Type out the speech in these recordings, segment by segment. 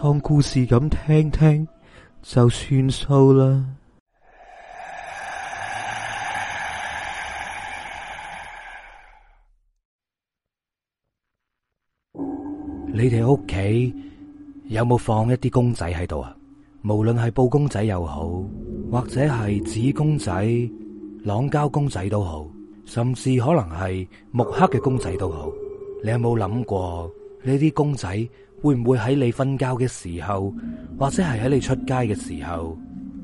當故事咁聽聽就算數啦。你哋屋企有冇放一啲公仔喺度啊？無論係布公仔又好，或者係紙公仔、塑膠公仔都好，甚至可能係木刻嘅公仔都好。你有冇諗過呢啲公仔，會唔會喺你瞓覺嘅時候，或者係喺你出街嘅時候，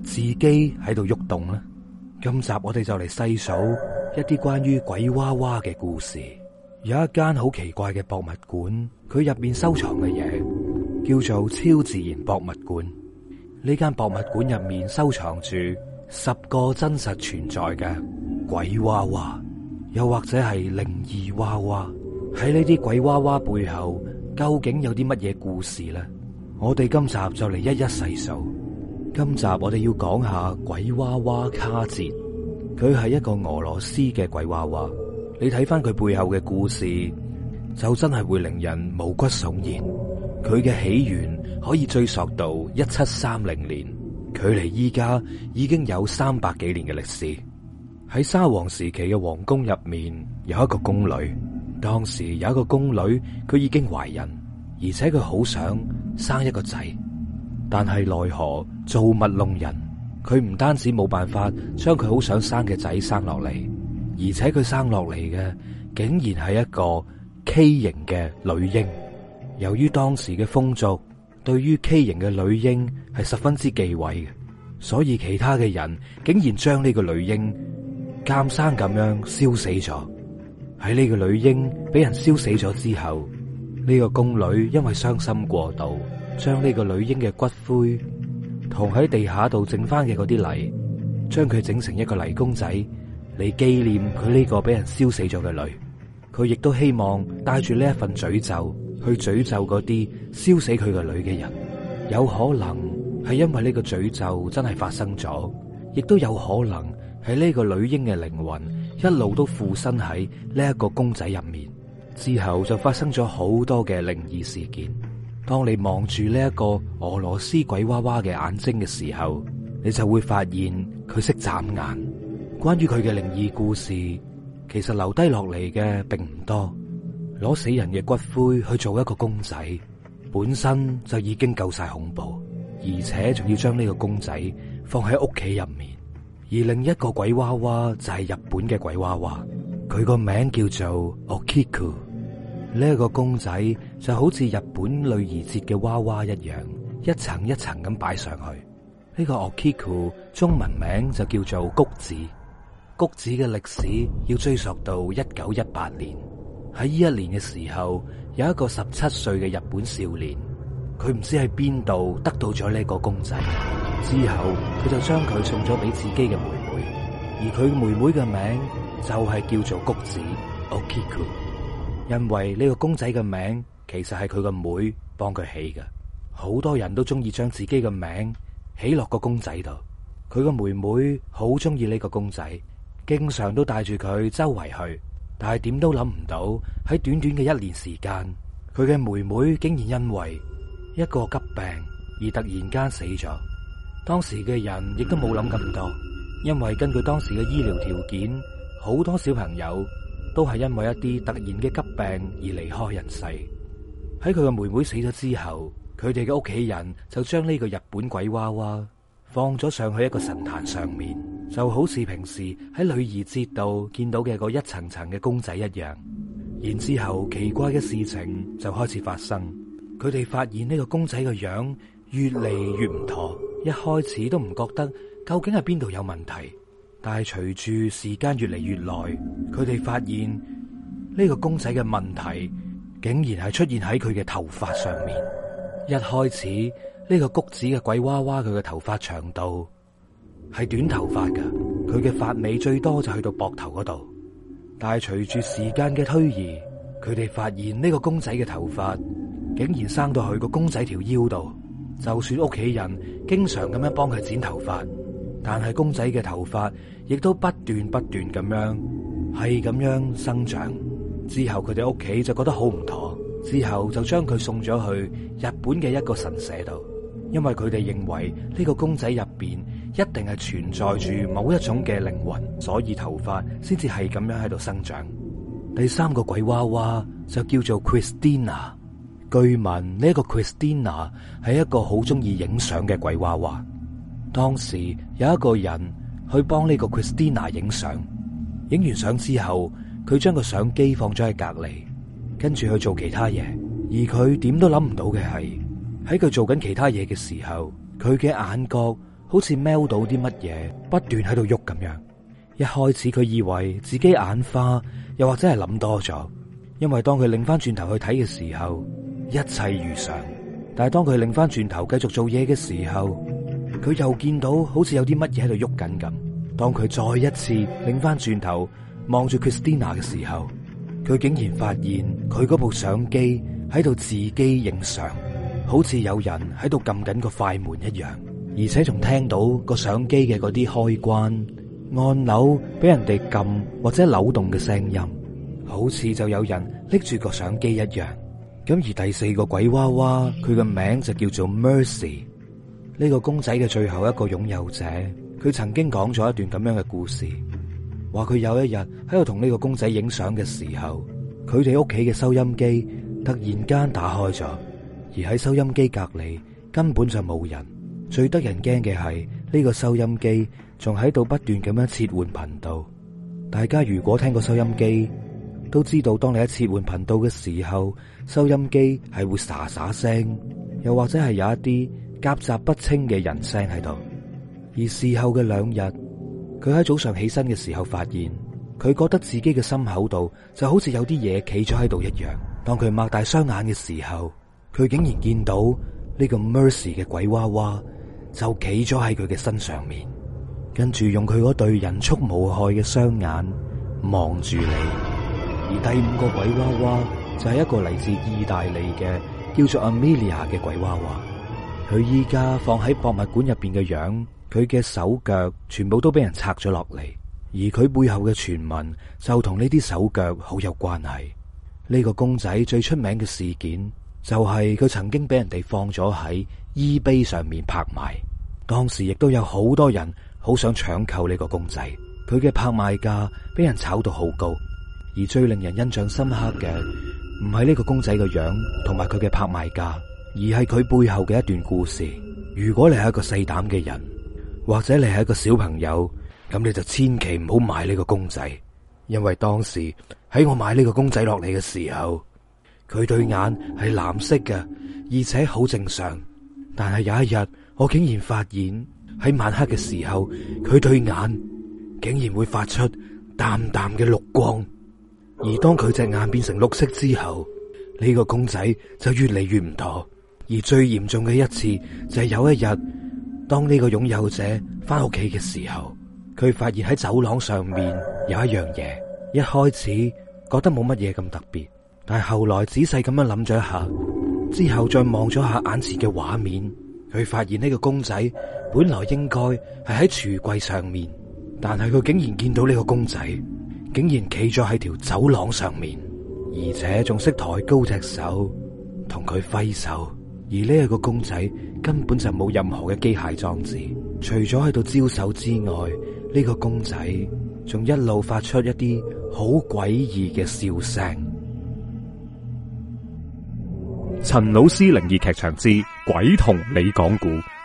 自己喺度喐動呢？今集我哋就嚟細數一啲關於鬼娃娃嘅故事。有一間好奇怪嘅博物館，佢入面收藏嘅嘢叫做超自然博物館。呢間博物館入面收藏住十個真實存在嘅鬼娃娃，又或者係靈異娃娃。喺呢啲鬼娃娃背後，究竟有啲乜嘢故事呢？我哋今集就嚟一一細數。今集我哋要講下鬼娃娃卡捷，佢係一個俄羅斯嘅鬼娃娃。你睇翻佢背後嘅故事，就真係會令人毛骨悚然。佢嘅起源可以追溯到一七三零年，距離依家已經有三百幾年嘅歷史。喺沙皇時期嘅皇宮入面，有一個宮女。當時有一個宮女，佢已經懷孕，而且佢好想生一個仔，但係奈何造物弄人，佢唔單止冇辦法將佢好想生嘅仔生落嚟，而且佢生落嚟嘅竟然係一個畸形嘅女嬰。由於當時嘅風俗對於畸形嘅女嬰係十分之忌諱嘅，所以其他嘅人竟然將呢個女嬰監生咁樣燒死咗。喺呢個女嬰俾人燒死咗之後，呢個宮女因為傷心過度，將呢個女嬰嘅骨灰同喺地下度整翻嘅嗰啲泥，將佢整成一個泥公仔嚟紀念佢呢個俾人燒死咗嘅女。佢亦都希望帶住呢一份詛咒去詛咒嗰啲燒死佢嘅女嘅人。有可能係因為呢個詛咒真係發生咗，亦都有可能係呢個女嬰嘅靈魂。一路都附身喺呢一個公仔入面，之後就發生咗好多嘅靈異事件。當你望住呢一個俄羅斯鬼娃娃嘅眼睛嘅時候，你就會發現佢識眨眼。關於佢嘅靈異故事，其實留低落嚟嘅並唔多，攞死人嘅骨灰去做一個公仔，本身就已經夠晒恐怖，而且仲要將呢個公仔放喺屋企入面。而另一個鬼娃娃就係日本嘅鬼娃娃，佢個名叫做 Okiku。呢一個公仔就好似日本女兒節嘅娃娃一樣，一層一層咁擺上去。呢個 Okiku 中文名就叫做菊子。菊子嘅歷史要追溯到一九一八年。喺呢一年嘅時候，有一個十七歲嘅日本少年，佢唔知喺邊度得到咗呢一個公仔。之後佢就將佢送咗俾自己嘅妹妹，而佢妹妹嘅名就係叫做菊子。Okiku，因為呢個公仔嘅名其實係佢個妹幫佢起嘅。好多人都中意將自己嘅名起落個公仔度。佢個妹妹好中意呢個公仔，經常都帶住佢周圍去。但係點都諗唔到，喺短短嘅一年時間，佢嘅妹妹竟然因為一個急病而突然間死咗。當時嘅人亦都冇諗咁多，因為根據當時嘅醫療條件，好多小朋友都係因為一啲突然嘅急病而離開人世。喺佢嘅妹妹死咗之後，佢哋嘅屋企人就將呢個日本鬼娃娃放咗上去一個神壇上面，就好似平時喺女兒節度見到嘅嗰一層層嘅公仔一樣。然之後奇怪嘅事情就開始發生，佢哋發現呢個公仔嘅樣越嚟越唔妥。一開始都唔覺得究竟係邊度有問題，但係隨住時間越嚟越耐，佢哋發現呢個公仔嘅問題，竟然係出現喺佢嘅頭髮上面。一開始呢個谷子嘅鬼娃娃佢嘅頭髮長度係短頭髮噶，佢嘅髮尾最多就去到膊頭嗰度。但係隨住時間嘅推移，佢哋發現呢個公仔嘅頭髮竟然生到去個公仔條腰度。就算屋企人經常咁樣幫佢剪頭髮，但係公仔嘅頭髮亦都不斷不斷咁樣係咁樣生長。之後佢哋屋企就覺得好唔妥，之後就將佢送咗去日本嘅一個神社度，因為佢哋認為呢個公仔入邊一定係存在住某一種嘅靈魂，所以頭髮先至係咁樣喺度生長。第三個鬼娃娃就叫做 Christina。據聞呢個 Christina 係一個好中意影相嘅鬼娃娃。當時有一個人去幫呢個 Christina 影相，影完相之後，佢將個相機放咗喺隔籬，跟住去做其他嘢。而佢點都諗唔到嘅係，喺佢做緊其他嘢嘅時候，佢嘅眼角好似瞄到啲乜嘢，不斷喺度喐咁樣。一開始佢以為自己眼花，又或者係諗多咗，因為當佢擰翻轉頭去睇嘅時候，一切如常，但係當佢擰翻轉頭繼續做嘢嘅時候，佢又見到好似有啲乜嘢喺度喐緊咁。當佢再一次擰翻轉頭望住 Christina 嘅時候，佢竟然發現佢部相機喺度自己影相，好似有人喺度撳緊個快門一樣，而且仲聽到個相機嘅嗰啲開關按鈕俾人哋撳或者扭動嘅聲音，好似就有人拎住個相機一樣。咁而第四個鬼娃娃，佢嘅名就叫做 Mercy。呢個公仔嘅最後一個擁有者，佢曾經講咗一段咁樣嘅故事，話佢有一日喺度同呢個公仔影相嘅時候，佢哋屋企嘅收音機突然間打開咗，而喺收音機隔籬根本就冇人。最得人驚嘅係呢個收音機仲喺度不斷咁樣切換頻道。大家如果聽過收音機，都知道，當你喺切換頻道嘅時候，收音機係會沙沙聲，又或者係有一啲夾雜不清嘅人聲喺度。而事後嘅兩日，佢喺早上起身嘅時候，發現佢覺得自己嘅心口度就好似有啲嘢企咗喺度一樣。當佢擘大雙眼嘅時候，佢竟然見到呢個 Mercy 嘅鬼娃娃就企咗喺佢嘅身上面，跟住用佢嗰對人畜無害嘅雙眼望住你。而第五個鬼娃娃就係一個嚟自意大利嘅，叫做 Amelia 嘅鬼娃娃。佢依家放喺博物館入邊嘅樣，佢嘅手腳全部都俾人拆咗落嚟。而佢背後嘅傳聞就同呢啲手腳好有關係。呢個公仔最出名嘅事件就係佢曾經俾人哋放咗喺 eBay 上面拍賣，當時亦都有好多人好想搶購呢個公仔，佢嘅拍賣價俾人炒到好高。而最令人印象深刻嘅唔係呢個公仔嘅樣，同埋佢嘅拍賣價，而係佢背後嘅一段故事。如果你係一個細膽嘅人，或者你係一個小朋友，咁你就千祈唔好買呢個公仔，因為當時喺我買呢個公仔落嚟嘅時候，佢對眼係藍色嘅，而且好正常。但係有一日，我竟然發現喺晚黑嘅時候，佢對眼竟然會發出淡淡嘅綠光。而當佢隻眼變成綠色之後，呢個公仔就越嚟越唔妥。而最嚴重嘅一次就係有一日，當呢個擁有者翻屋企嘅時候，佢發現喺走廊上面有一樣嘢。一開始覺得冇乜嘢咁特別，但係後來仔細咁樣諗咗一下之後，再望咗下眼前嘅畫面，佢發現呢個公仔本來應該係喺櫥櫃上面，但係佢竟然見到呢個公仔。竟然企咗喺條走廊上面，而且仲識抬高隻手同佢揮手。而呢一個公仔根本就冇任何嘅機械裝置，除咗喺度招手之外，呢、呢個公仔仲一路發出一啲好詭異嘅笑聲。陳老師靈異劇場之鬼同你講故。